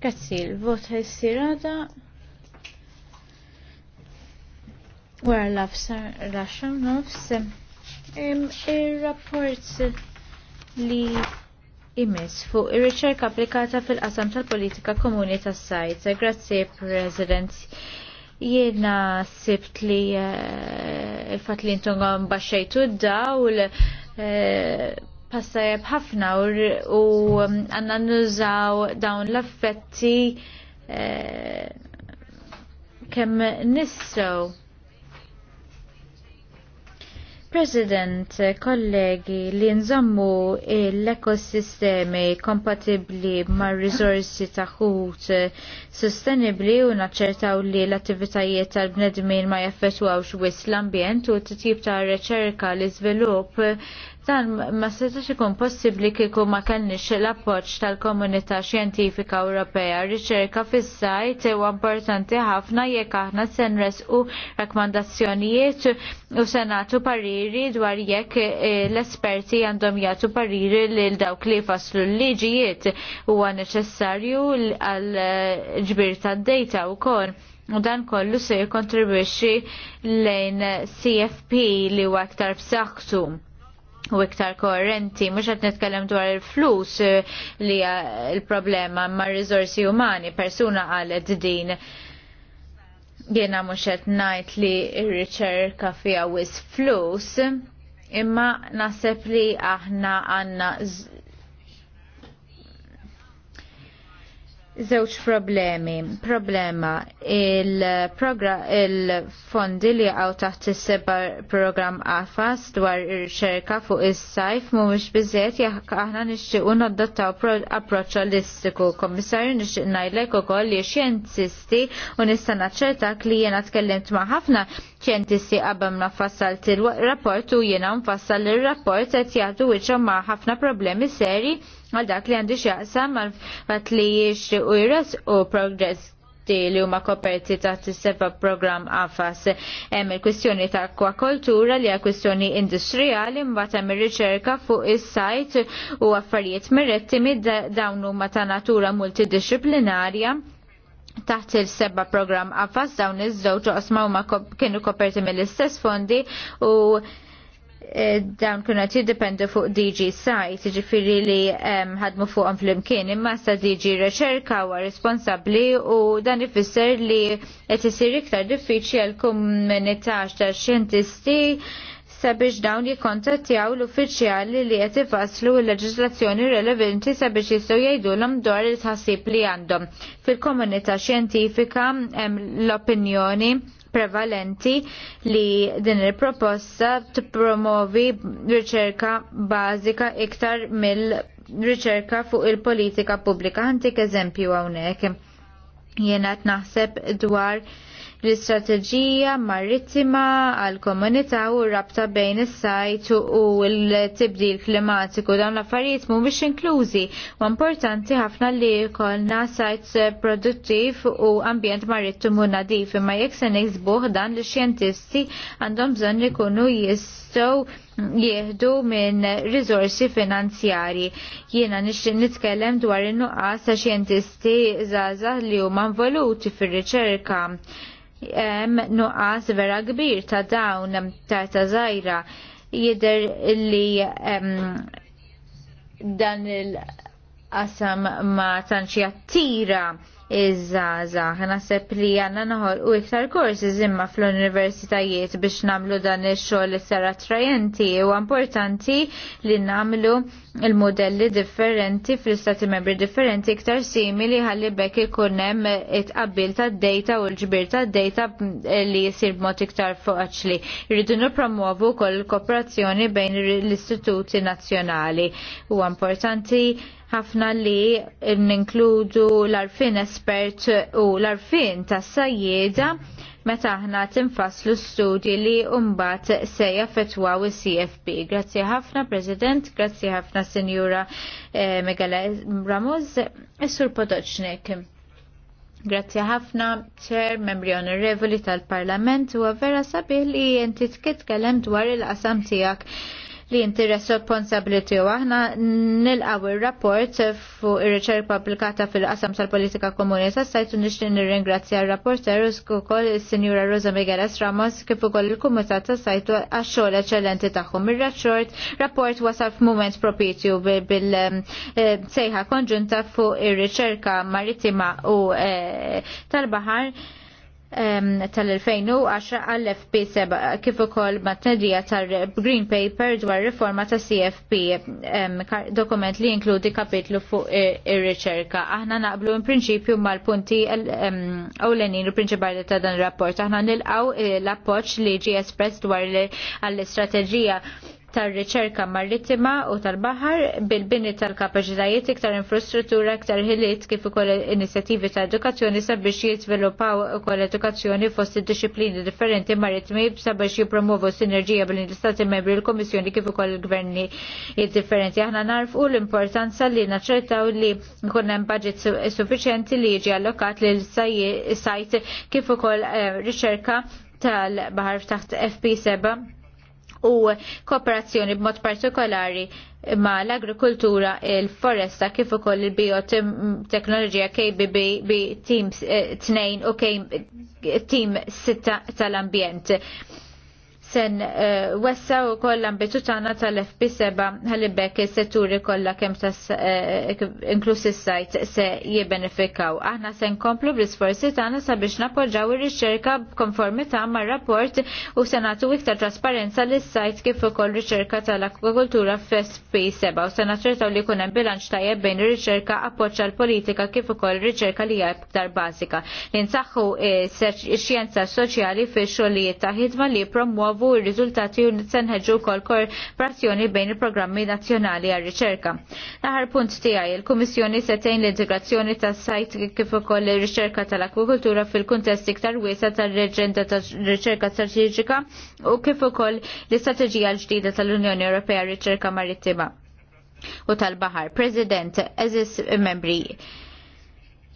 Grazzi, voto vot ħessirada. Wara l-afsar raxam nofs. Il-rapport li imis fuq ir-riċerka applikata fil-qasam tal-politika komuni tas-sajt. Grazzi, President. Jiena sibt li eh, il-fat li intom baxxejtu d-dawl eh, passajab ħafna u um, għanna nużaw dawn l-affetti eh, kemm nissew. President, kollegi, li nżammu l-ekosistemi kompatibli ma' rizorsi taħut sostenibli u naċċertaw li l-attivitajiet tal-bnedmin ma' jaffetwawx wis l-ambjent u t-tip ta' reċerka l-izvilup Dan ma setax ikun possibbli kieku ma kellniex l-appoġġ tal-komunità xjentifika Ewropea. Riċerka fis-sajt huwa importanti ħafna jekk aħna se nresqu rakkomandazzjonijiet u se nagħtu pariri dwar jekk eh, l-esperti għandhom jagħtu pariri lil dawk li faslu l-liġijiet huwa neċessarju għal eh, ġbir tad-dejta wkoll. U dan kollu se jikontribwixxi lejn CFP li huwa aktar b'saħħtu u iktar koherenti, mux għat netkellem dwar il-flus eh, li il-problema ma' rizorsi umani, persuna għalet din. Jena mux għat najt li il-riċerka fija wis flus, imma naħseb li aħna għanna Żewġ problemi. Problema il-fondi li għaw taħt il-sebar program AFAS dwar ir-xerka fuq is-sajf mhumiex biżejjed jekk aħna nixtiequ noddottaw approċċ holistiku. Kommissarju nixtieq ngħidlek ukoll li xjentisti u nista' naċċertak li jiena tkellimt ma' ħafna ċentisti qabel nafassal til rapport u jiena nfassal il rapport qed jagħtu wiċċhom ma' ħafna problemi seri għal dak li għandi xaqsam għal fat li jiex u jres u progress li huma koperti ta' t-seba program AFAS. Hemm il-kwistjoni ta' akwakultura li hija kwistjoni industrijali mbagħad hemm ir-riċerka fuq is-sajt u affarijiet miretti mid dawn huma ta' natura multidisciplinarja taħt il-seba program AFAS dawn iż-żewġ oqsma huma kienu koperti mill-istess fondi u Eh, dawn kuna tiddependu fuq DG Site, ġifiri li ehm, ħadmu fuq fuqhom fl-imkien, imma sa DG Reċerka huwa responsabbli u dan ifisser li qed isir iktar diffiċli għal komunità ta' xjentisti sabiex dawn jikontattjaw l-uffiċjali li qed ifasslu l-leġiżlazzjoni relevanti sabiex jistgħu jgħidulhom dwar il-tħassib li għandhom. Fil-komunità xjentifika hemm l-opinjoni prevalenti li din il-proposta tippromovi riċerka bażika iktar mill-riċerka fuq il-politika pubblika. Antik eżempju hawnhekk. Jiena naħseb dwar l-istrateġija marittima għal komunità u rabta bejn is-sajt u l-tibdil klimatiku dawn l-affarijiet mhumiex inklużi u importanti ħafna li jkollna sajt produttiv u ambjent marittimu nadif imma jekk se niksbuh dan l xjentisti għandhom bżonn ikunu jistgħu jieħdu minn riżorsi finanzjari. Jiena nixtieq nitkellem dwar in-nuqqas ta' xjentisti żgħażagħ li huma involuti fir-riċerka jem nuqqas vera kbir ta' dawn ta' ta' żgħira jidher li dan il-qasam ma tantx jattira iż-żaza. Naħseb li għanna noħol u iktar korsi zimma fl-universitajiet biex namlu dan il-xogħol li sar attrajenti u importanti li namlu il-modelli differenti fl-istati membri differenti iktar simili ħalli bekk ikun hemm it qabil tad-data u l-ġbir tad-data li jisir b'mod iktar foqaċli. Irridu nippromuovu wkoll kooperazzjoni bejn l-istituti nazzjonali. Huwa importanti ħafna li ninkludu l arfines l-espert u l-arfin tas sajjeda meta aħna tinfasslu studji li mbagħad se jaffettwaw is-CFP. Grazzi ħafna President, grazzi ħafna Sinjura eh, Megala Ramos, sur Podoċnik. Grazzi ħafna, ċer, membri onorevoli tal-Parlament, u vera sabiħ li jenti tkellem dwar il-qasam tijak li jinti responsabiliti u aħna għaw il-rapport fuq ir-riċerka publikata fil-qasam tal-politika komuni sa' sajtu nir nirringrazzja il-rapporter ukoll is-Sinjura Rosa Migueles Ramos kif ukoll il-Kumitat ta' sajtu għax-xogħol eċċellenti tagħhom. Ir-rapport rapport wasal f'mument propitju bil-sejħa eh, konġunta fuq ir-riċerka marittima u eh, tal-baħar tal-2010 għall-FP7 kif ukoll mat-tnedija tal-Green Paper dwar riforma ta' CFP dokument li jinkludi kapitlu fuq ir-riċerka. Aħna naqblu in prinċipju mal-punti ewlenin u prinċipali ta' dan rapport. Aħna nilqaw eh, l-appoġġ li ġie espress dwar għall-istrateġija tar-riċerka marittima u tal-baħar bil-bini tal-kapaċitajiet iktar infrastruttura iktar ħiliet kif ukoll inizjattivi ta' edukazzjoni sabiex jiżviluppaw ukoll edukazzjoni fost id-disciplini differenti marittimi sabiex jipromovu sinerġija bil istati membri l-Komissjoni kif ukoll il-gverni differenti. Aħna narfu l-importanza li naċċertaw li nkun hemm budget suffiċjenti li jiġi allokat lil sajt kif ukoll eh, riċerka tal-baħar taħt FP7 u kooperazzjoni b'mod partikolari ma l-agrikultura, il-foresta kif ukoll il-bioteknoloġija KBB Team 2 eh, u Team 6 tal-ambjent sen eh, wessa u koll ambitu tana tal-FP7 għalibek setturi kolla kem tas eh, inklusi sajt se jibenefikaw. Aħna sen komplu bl-sforzi tana sabiex napoġaw ir-riċerka b'konformità ma' rapport u senatu iktar trasparenza l sajt kif ukoll riċerka tal-akvakultura f'FP7 u senatretaw li kunem bilanċ tajjeb bejn ir-riċerka appoċa l-politika kif ukoll riċerka li hija iktar bażika. Li nsaħħu x-xjenza eh, soċjali fi xogħlijiet ta' ħidma li promuov nippromovu r-riżultati u nitsenħeġu wkoll korporazzjoni bejn il-programmi nazzjonali għar-riċerka. L-aħħar punt tiegħi il-Kummissjoni se tgħin l-integrazzjoni tas-sajt kif ukoll ir-riċerka tal-akwikultura fil-kuntest iktar wiesa tal-reġenda ta' riċerka Strategika u kif ukoll l-istrateġija l-ġdida tal-Unjoni Ewropea riċerka marittima u tal-Bahar. President, eżis membri,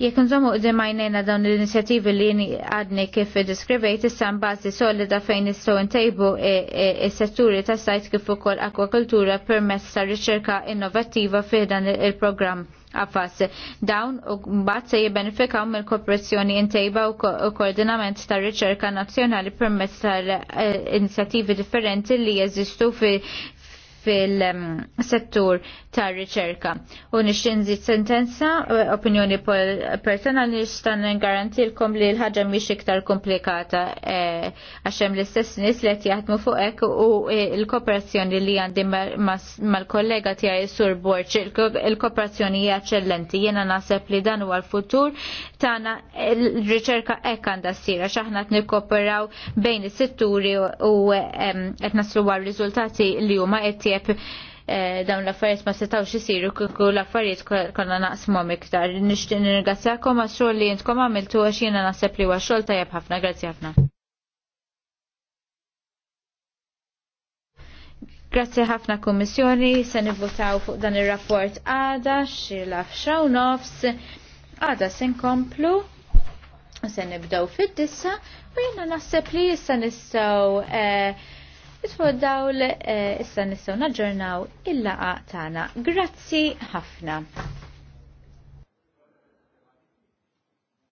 Jekk nżommu qdim għajnejna dawn l-inizjativi li għadni kif diskrivejt issan bażi solida fejn nistgħu ntejbu il e, e, e, setturi ta' sajt kif ukoll akwakultura permezz ta' riċerka innovattiva fiħdan il-programm għafas. Dawn u mbagħad se jibbenefikaw mill-kooperazzjoni intejba u koordinament ta' riċerka nazzjonali permezz tal-inizjattivi differenti li jeżistu fi fil-settur ta' riċerka. U nixtin sentenza, eh, opinjoni personali nixtan garantilkom li l-ħagġa miex iktar komplikata eh, għaxem l-istess nis li jaħdmu fuqek u eh, l-kooperazzjoni li għandi mal-kollega tijaj sur Borċ, il-kooperazzjoni hija eccellenti, jena nasab li dan huwa l-futur tana l-riċerka ek għanda sira, xaħna t-nikoperaw bejn is-setturi u etnaslu għal rizultati li huma qed tajjeb eh, dawn l-affarijiet ma setawx isiru kieku l-affarijiet konna naqsmu iktar. Nixtieq nirgazzakom għas xogħol li intkom għamiltu għax jiena naħseb li huwa xogħol tajjeb ħafna. Grazzi ħafna. Grazzi ħafna kommissjoni, se nivvotaw fuq dan ir-rapport għada xilaf xaw nofs. Għada se nkomplu, se nibdew fid-dissa, u jiena naħseb li issa nistgħu eh, Isfuq dawl eh, issa nistgħu naġġornaw il-laqa tagħna. Grazzi ħafna.